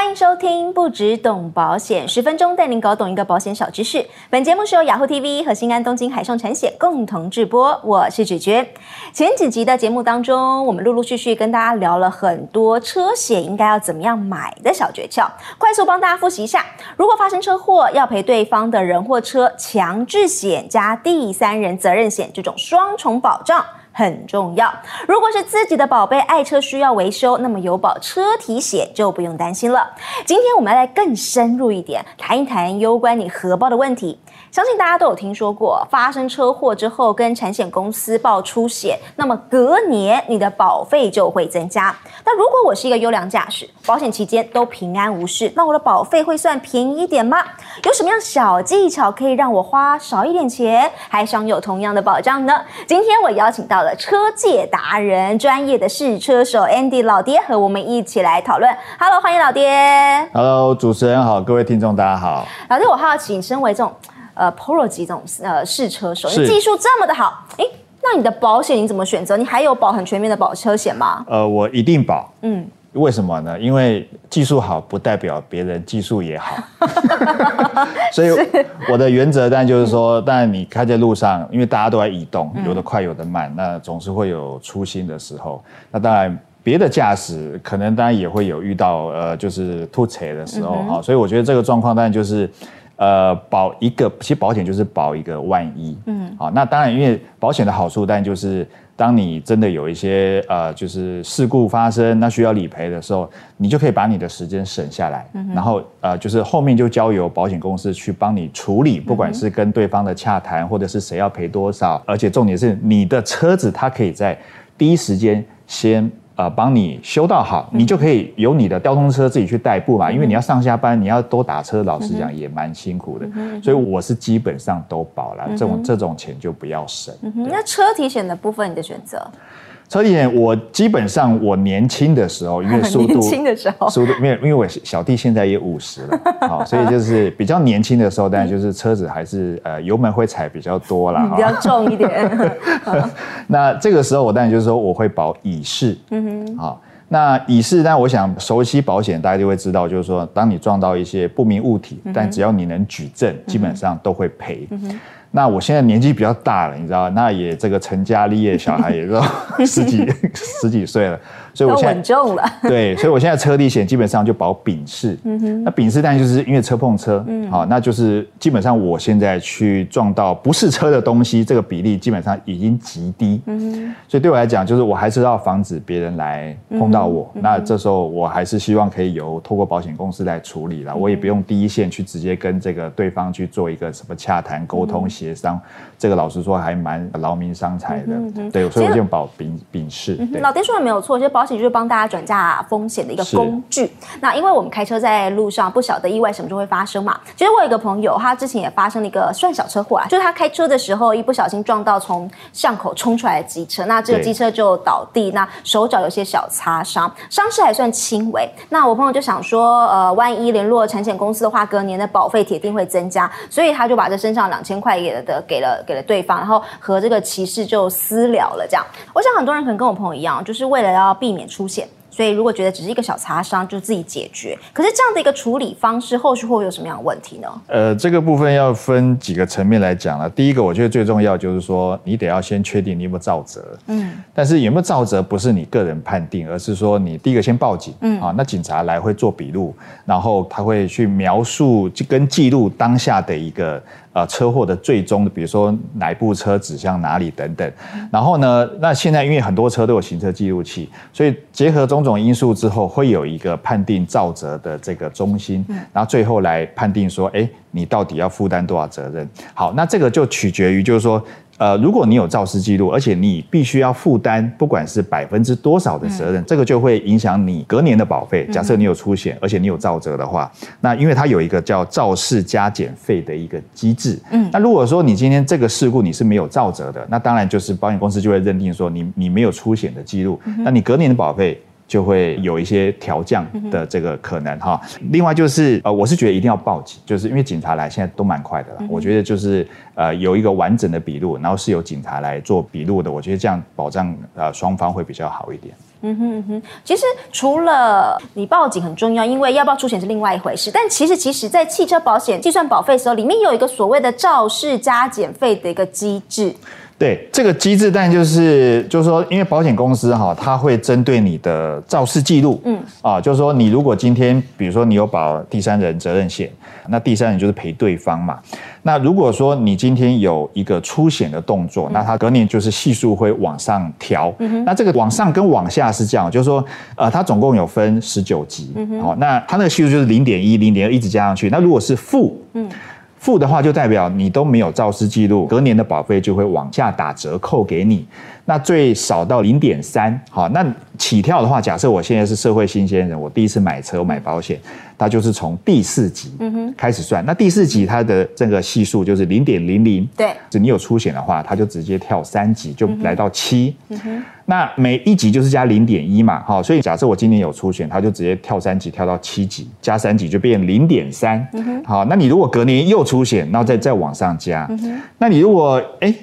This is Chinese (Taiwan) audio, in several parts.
歡迎收聽《不芷懂保險》，十分鐘帶您搞懂一個保險小知識。本節目是由雅虎 TV 和新安東京海上產險共同制播，我是芷娟。前幾集的節目當中，我們陸陸續續跟大家聊了很多車險應該要怎麼樣買的小訣竅，快速幫大家複習一下：如果發生車禍，要賠對方的人或車，強制險加第三人責任險這種雙重保障。很重要。如果是自己的寶貝愛車需要維修，那麼有保車體險就不用擔心了。今天我們要來更深入一點，談一談攸關你荷包的問題。相信大家都有聽說過，發生車禍之後跟產險公司報出險，那麼隔年你的保費就會增加。那如果我是一個優良駕駛，保險期間都平安無事，那我的保費會算便宜一點嗎？有什麼樣小技巧可以讓我花少一點錢，還享有同樣的保障呢？今天我邀請到了車界達人、專業的試車手 Andy 老爹和我們一起來討論。Hello，歡迎老爹。Hello，主持人好，各位聽眾大家好。老爹，我好奇你身為這種。呃，Polo 級這種呃試車手，你是技術這麼的好，哎，那你的保險你怎麼選擇？你還有保很全面的保車險嗎？呃，我一定保，嗯，為什麼呢？因為技術好不代表別人技術也好， 所以我的原則，當然就是說，當然是、嗯、你開在路上，因為大家都在移動，有的快，有的慢，嗯、那總是會有粗心的時候。那當然，別的駕駛可能當然也會有遇到呃，就是突槌的時候哈。嗯、哼所以我覺得這個狀況，當然就是。呃，保一個，其實保險就是保一個萬一。嗯哼，好，那當然，因為保險的好處，但就是當你真的有一些呃，就是事故發生，那需要理賠的時候，你就可以把你的時間省下來，嗯、哼然後呃，就是後面就交由保險公司去幫你處理，不管是跟對方的洽談，嗯、哼或者是誰要賠多少，而且重點是你的車子，它可以在第一時間先。呃，幫你修到好，嗯、你就可以由你的交通車自己去代步嘛。嗯、因為你要上下班，你要多打車，老實講也蠻辛苦的。嗯、哼所以我是基本上都保了，這種這種錢就不要省。嗯、哼對那車體險的部分，你的選擇？所以，我基本上我年輕的時候，因為速度，年輕的時候速度，因為因為我小弟現在也五十了，好、 哦，所以就是比較年輕的時候，當然就是車子還是 呃油門會踩比較多啦，哦、比較重一點。 那這個時候，我當然就是說我會保乙式， 嗯哼，好、哦。那已是，那我想熟悉保險，大家就會知道，就是說，當你撞到一些不明物體，嗯、哼但只要你能舉證，嗯、哼基本上都會賠。嗯、哼那我現在年紀比較大了，你知道嗎？那也這個成家立業，小孩也知道， 十幾 十幾歲了。都重了所以我現在對，所以我現在車體險基本上就保丙式。嗯哼，那丙式但就是因為車碰車，嗯，好，那就是基本上我現在去撞到不是車的東西，這個比例基本上已經極低。嗯哼，所以對我來講，就是我還是要防止別人來碰到我。嗯、哼 那這時候我還是希望可以由透過保險公司來處理了，我也不用第一線去直接跟這個對方去做一個什麼洽談、溝通、協商。這個老實說還蠻勞民傷財的。嗯嗯、對，所以我就保丙丙式。老爹說的沒有錯，就保。這就是幫大家轉嫁、啊、風險的一個工具。是那因為我們開車在路上，不曉得意外什麼就會發生嘛。其實我有一個朋友，他之前也發生了一個算小車禍啊，就是他開車的時候一不小心撞到從巷口衝出來的機車，那這個機車就倒地，對那手腳有些小擦傷，傷勢還算輕微。那我朋友就想說，呃，萬一聯絡產險公司的話，隔年的保費鐵定會增加，所以他就把這身上兩千塊也的給了給了，給了對方，然後和這個騎士就私了了這樣。我想很多人可能跟我朋友一樣，就是為了要避。避免出現。所以，如果覺得只是一個小擦傷，就自己解決。可是這樣的一個處理方式，後續會有什麼樣的問題呢？呃，這個部分要分幾個層面來講呢。第一個，我覺得最重要就是說，你得要先確定你有沒有肇責。嗯，但是有沒有肇責不是你個人判定，而是說你第一個先報警。嗯，啊，那警察來會做筆錄，然後他會去描述跟記錄當下的一個呃車禍的最終的，比如說哪一部車指向哪裡等等。然後呢，那現在因為很多車都有行車記錄器，所以結合中。這種因素之後會有一個判定肇責的這個中心，嗯、然後最後來判定說，哎，你到底要負擔多少責任？好，那這個就取決於，就是說，呃，如果你有肇事記錄，而且你必須要負擔，不管是百分之多少的責任，嗯、這個就會影響你隔年的保費。假設你有出險，嗯、而且你有肇責的話，嗯、那因為它有一個叫肇事加減費的一個機制。嗯，那如果說你今天這個事故你是沒有肇責的，那當然就是保險公司就會認定說你你沒有出險的記錄，嗯、哼那你隔年的保費。就會有一些調降的這個可能哈。另外就是呃，我是覺得一定要報警，就是因為警察來現在都蠻快的啦。我覺得就是呃有一個完整的筆錄，然後是由警察來做筆錄的。我覺得這樣保障呃雙方會比較好一點。嗯哼嗯哼，其實除了你報警很重要，因為要不要出險是另外一回事。但其實其實在汽車保險計算保費的時候，裡面有一個所謂的肇事加減費的一個機制。對，這個機制。但就是就是說，因為保險公司哈、哦，它會針對你的肇事記錄，嗯，啊，就是說你如果今天，比如說你有保第三人責任險，那第三人就是賠對方嘛。那如果說你今天有一個出險的動作，嗯、那它隔年就是係數會往上調。嗯、哼那這個往上跟往下是這樣，就是說，呃，它總共有分十九級，好、嗯哼哦，那它那個係數就是零點一、零點二一直加上去。那如果是負，嗯。嗯付的話，就代表你都沒有肇事記錄，隔年的保費就會往下打折扣給你。那最少到零點三，好，那起跳的話，假設我現在是社會新鮮人，我第一次買車，我買保險，它就是從第四級開始算。嗯、哼那第四級它的這個係數就是零點零零，對，就你有出險的話，它就直接跳三級，就來到七。嗯、哼那每一級就是加零點一嘛，哈、哦，所以假設我今年有出險，它就直接跳三級，跳到七級，加三級就變零點三。好，那你如果隔年又出險，然後再再往上加，嗯、哼那你如果哎。欸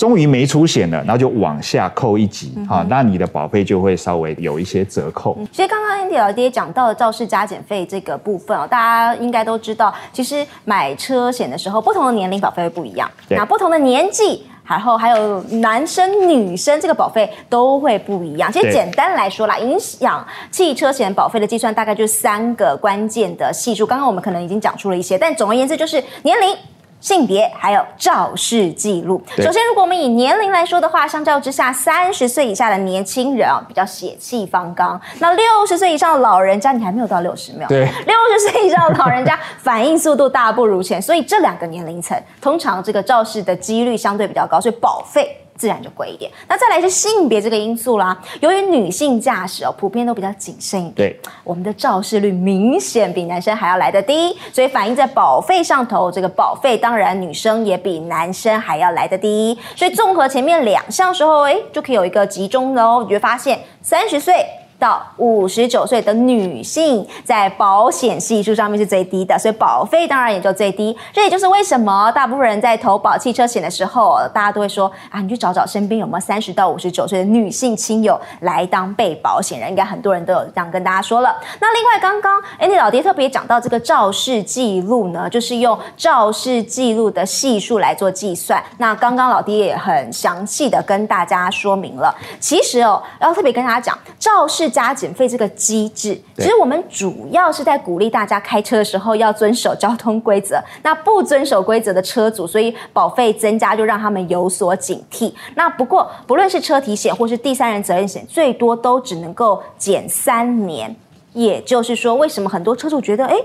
終於沒出險了，然後就往下扣一級啊、嗯哼哦，那你的保費就會稍微有一些折扣。嗯、其實剛剛 Andy 老爹講到了肇事加減費這個部分啊、哦，大家應該都知道，其實買車險的時候，不同的年齡保費會不一樣。那對不同的年紀，然後還有男生女生這個保費都會不一樣。其實簡單來說啦，影響對汽車險保費的計算大概就三個關鍵的係數。剛剛我們可能已經講出了一些，但總而言之就是年齡。性別還有肇事記錄。對首先，如果我們以年齡來說的話，相較之下，三十歲以下的年輕人啊，比較血氣方剛；那六十歲以上的老人家，你還沒有到六十秒，對，六十歲以上的老人家 反應速度大不如前，所以這兩個年齡層，通常這個肇事的幾率相對比較高，所以保費。自然就貴一點。那再來是性別這個因素啦，由於女性駕駛哦，普遍都比較謹慎一點，對，我們的肇事率明顯比男生還要來得低，所以反映在保費上頭，這個保費當然女生也比男生還要來得低。所以綜合前面兩項時候、欸，哎，就可以有一個集中的哦、喔，你就發現三十歲。到五十九歲的女性，在保險系數上面是最低的，所以保費當然也就最低。這也就是為什麼大部分人在投保汽車險的時候，大家都會說啊，你去找找身邊有沒有三十到五十九歲的女性親友來當被保險人。應該很多人都有這樣跟大家說了。那另外剛剛，剛剛 Andy 老爹特別講到這個肇事記錄呢，就是用肇事記錄的系數來做計算。那剛剛老爹也很詳細的跟大家說明了。其實哦，要特別跟大家講，肇事加減費這個機制，其實我們主要是在鼓勵大家開車的時候要遵守交通規則。那不遵守規則的車主，所以保費增加，就讓他們有所警惕。那不過，不論是車體險或是第三人責任險，最多都只能夠減三年。也就是說，為什麼很多車主覺得，哎、欸，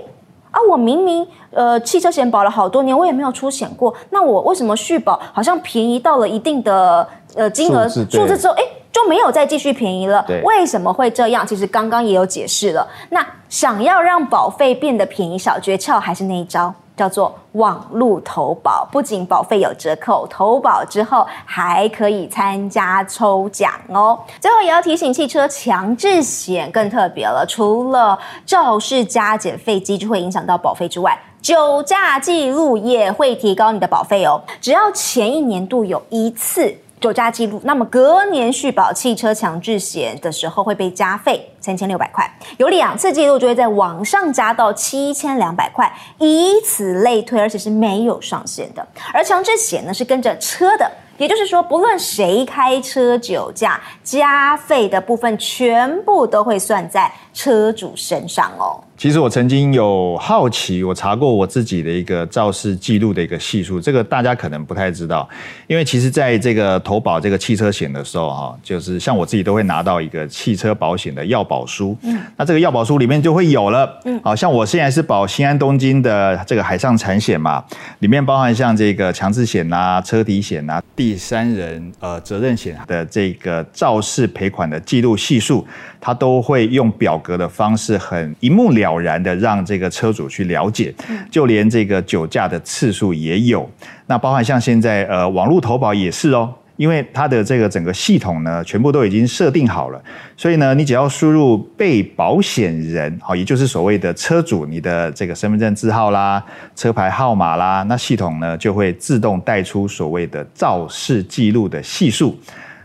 啊，我明明呃汽車險保了好多年，我也沒有出險過，那我為什麼續保好像便宜到了一定的呃金額，數字，字之後，誒、欸？就沒有再繼續便宜了。對，為什麼會這樣？其實剛剛也有解釋了。那想要讓保費變得便宜，小訣竅還是那一招，叫做網路投保。不僅保費有折扣，投保之後還可以參加抽獎哦。最後也要提醒，汽車強制險更特別了。除了肇事加減費機制會影響到保費之外，酒駕記錄也會提高你的保費哦。只要前一年度有一次。酒駕記錄，那麼隔年續保汽車強制險的時候會被加費三千六百塊，有兩次記錄就會再往上加到七千兩百塊，以此類推，而且是沒有上限的。而強制險呢，是跟着車的，也就是說，不論誰開車酒駕，加費的部分全部都會算在。車主身上哦，其實我曾經有好奇，我查過我自己的一個肇事記錄的一個係數，這個大家可能不太知道，因為其實在這個投保這個汽車險的時候，哈，就是像我自己都會拿到一個汽車保險的要保書，嗯，那這個要保書裡面就會有了，嗯，好像我現在是保新安東京的這個海上產險嘛，裡面包含像這個強制險啊、車體險啊、第三人呃責任險的這個肇事賠款的記錄係數。他都會用表格的方式，很一目了然的讓這個車主去了解，就連這個酒駕的次數也有。那包含像現在呃網絡投保也是哦，因為它的這個整個系統呢，全部都已經設定好了，所以呢，你只要輸入被保險人，好，也就是所謂的車主，你的這個身份證字號啦、車牌號碼啦，那系統呢就會自動帶出所謂的肇事記錄的係數，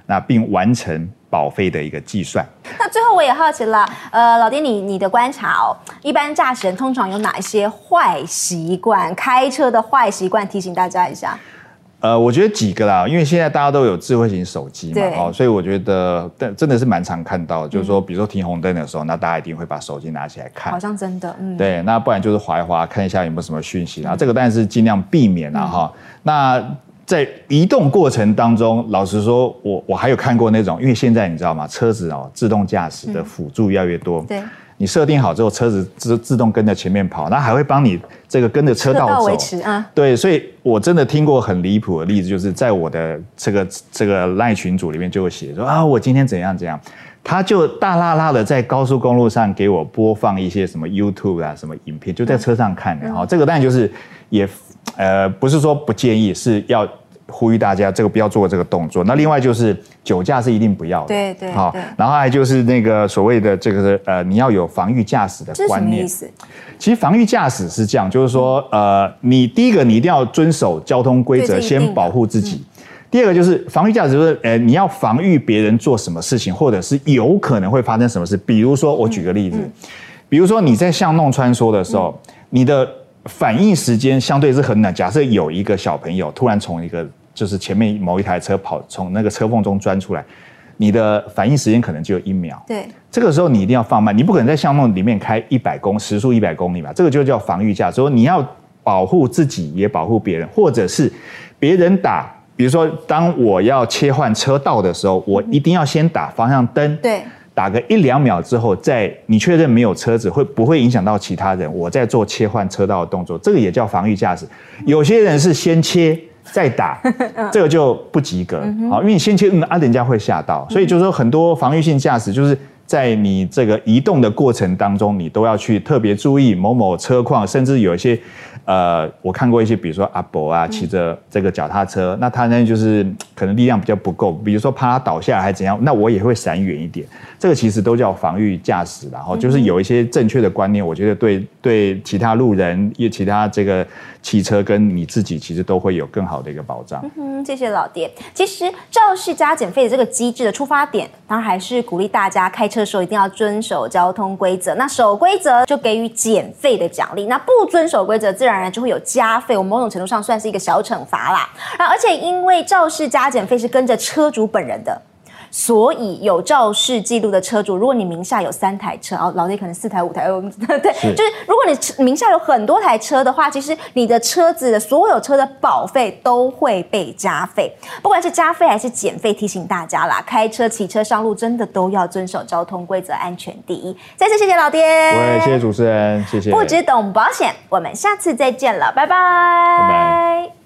那並完成保費的一個計算。那這。我也好奇了，呃，老丁，你你的觀察哦，一般駕駛人通常有哪一些壞習慣？開車的壞習慣，提醒大家一下。呃，我覺得幾個啦，因為現在大家都有智慧型手機嘛，對哦，所以我覺得，但真的是蠻常看到，嗯、就是說，比如說停紅燈的時候，那大家一定會把手機拿起來看，好像真的，嗯，對，那不然就是滑一滑，看一下有沒有什麼訊息，嗯、然後這個當然是盡量避免了哈、嗯。那在移動過程當中，老實說，我我還有看過那種，因為現在你知道嗎？車子哦，自動駕駛的輔助越來越多。嗯、對，你設定好之後，車子自自動跟着前面跑，那還會幫你這個跟着車道走。到啊、對，所以我真的聽過很離譜的例子，就是在我的這個這個 LINE 群組裡面就會寫說啊，我今天怎樣怎樣，他就大剌剌的在高速公路上給我播放一些什麼 YouTube 啊什麼影片，就在車上看的哈。嗯嗯、這個當然就是也呃不是說不建議，是要。呼籲大家，這個不要做這個動作。那另外就是酒駕是一定不要的。對,對對。好，然後還就是那個所謂的這個是呃，你要有防御駕駛的觀念。什麼意思？其實防御駕駛是這樣，就是說、嗯、呃，你第一個你一定要遵守交通規則，先保護自己。嗯、第二個就是防御駕駛就是呃，你要防御別人做什麼事情，或者是有可能會發生什麼事。比如說我舉個例子，嗯、比如說你在巷弄穿梭的時候，嗯、你的反應時間相對是很短。假設有一個小朋友突然從一個就是前面某一台車跑從那個車縫中鑽出來，你的反應時間可能就有一秒。對，這個時候你一定要放慢，你不可能在巷弄裡面開一百公時速一百公里吧？這個就叫防禦駕駛，所以你要保護自己也保護別人，或者是別人打，比如說當我要切換車道的時候，我一定要先打方向燈，對，打個一兩秒之後再你確認沒有車子會不會影響到其他人，我再做切換車道的動作，這個也叫防禦駕駛。有些人是先切。再打， 這個就不及格。好、嗯哼，因為你先去，嗯，阿、啊、人家會嚇到，所以就是說很多防御性駕駛就是。在你這個移動的過程當中，你都要去特別注意某某車況，甚至有一些，呃，我看過一些，比如說阿伯啊騎着這個腳踏車，嗯、那他那就是可能力量比較不夠，比如說怕他倒下來還怎樣，那我也會閃遠一點。這個其實都叫防禦駕駛，然後、嗯、哼就是有一些正確的觀念，我覺得對對其他路人、其他這個汽車跟你自己，其實都會有更好的一個保障。嗯哼，謝謝老爹。其實肇事加減費的這個機制的出發點，當然還是鼓勵大家開車的時候一定要遵守交通規則，那守規則就給予減費的獎勵，那不遵守規則，自然而然就會有加費。我某種程度上算是一個小懲罰啦。啊，而且，因為肇事加減費是跟着車主本人的。所以有肇事記錄的車主，如果你名下有三台車，哦，老爹可能四台、五台，對，是就是如果你名下有很多台車的話，其實你的車子的所有車的保費都會被加費，不管是加費還是減費。提醒大家啦，開車、騎車上路真的都要遵守交通規則，安全第一。再次謝謝老爹，餵，謝謝主持人，謝謝。不芷懂保險，我們下次再見了，拜拜。拜拜。